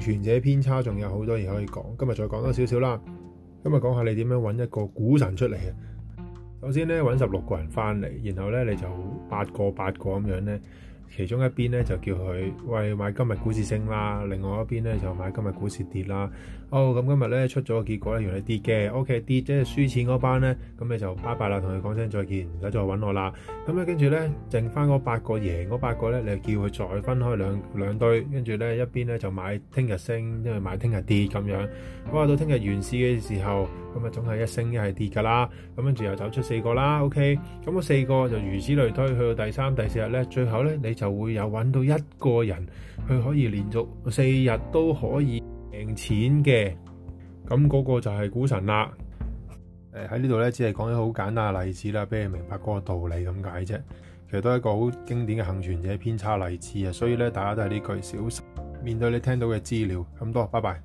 存者偏差仲有好多嘢可以講，今日再講多少少啦。今日講下你點樣揾一個股神出嚟啊！首先呢，揾十六個人翻嚟，然後呢，你就八個八個咁樣呢。其中一邊咧就叫佢喂，買今日股市升啦，另外一邊咧就買今日股市跌啦。哦、oh, 嗯，咁今日咧出咗個結果咧，原來跌嘅。O.K. 跌即係輸錢嗰班咧，咁你就拜拜啦，同佢講聲再見，唔該再揾我啦。咁咧跟住咧，剩翻嗰八個贏嗰八個咧，你就叫佢再分開兩兩堆，跟住咧一邊咧就買聽日升，因為買聽日跌咁樣。哇，到聽日完市嘅時候，咁啊總係一升一係跌㗎啦。咁跟住又走出四個啦。O.K.，咁嗰四個就如此類推，去到第三、第四日咧，最後咧你。就會有搵到一個人，佢可以連續四日都可以贏錢嘅，咁嗰個就係股神啦。誒喺、欸、呢度咧，只係講啲好簡單嘅例子啦，俾你明白嗰個道理咁解啫。其實都係一個好經典嘅幸存者偏差例子啊。所以咧，大家都係呢句小心面對你聽到嘅資料咁多，拜拜。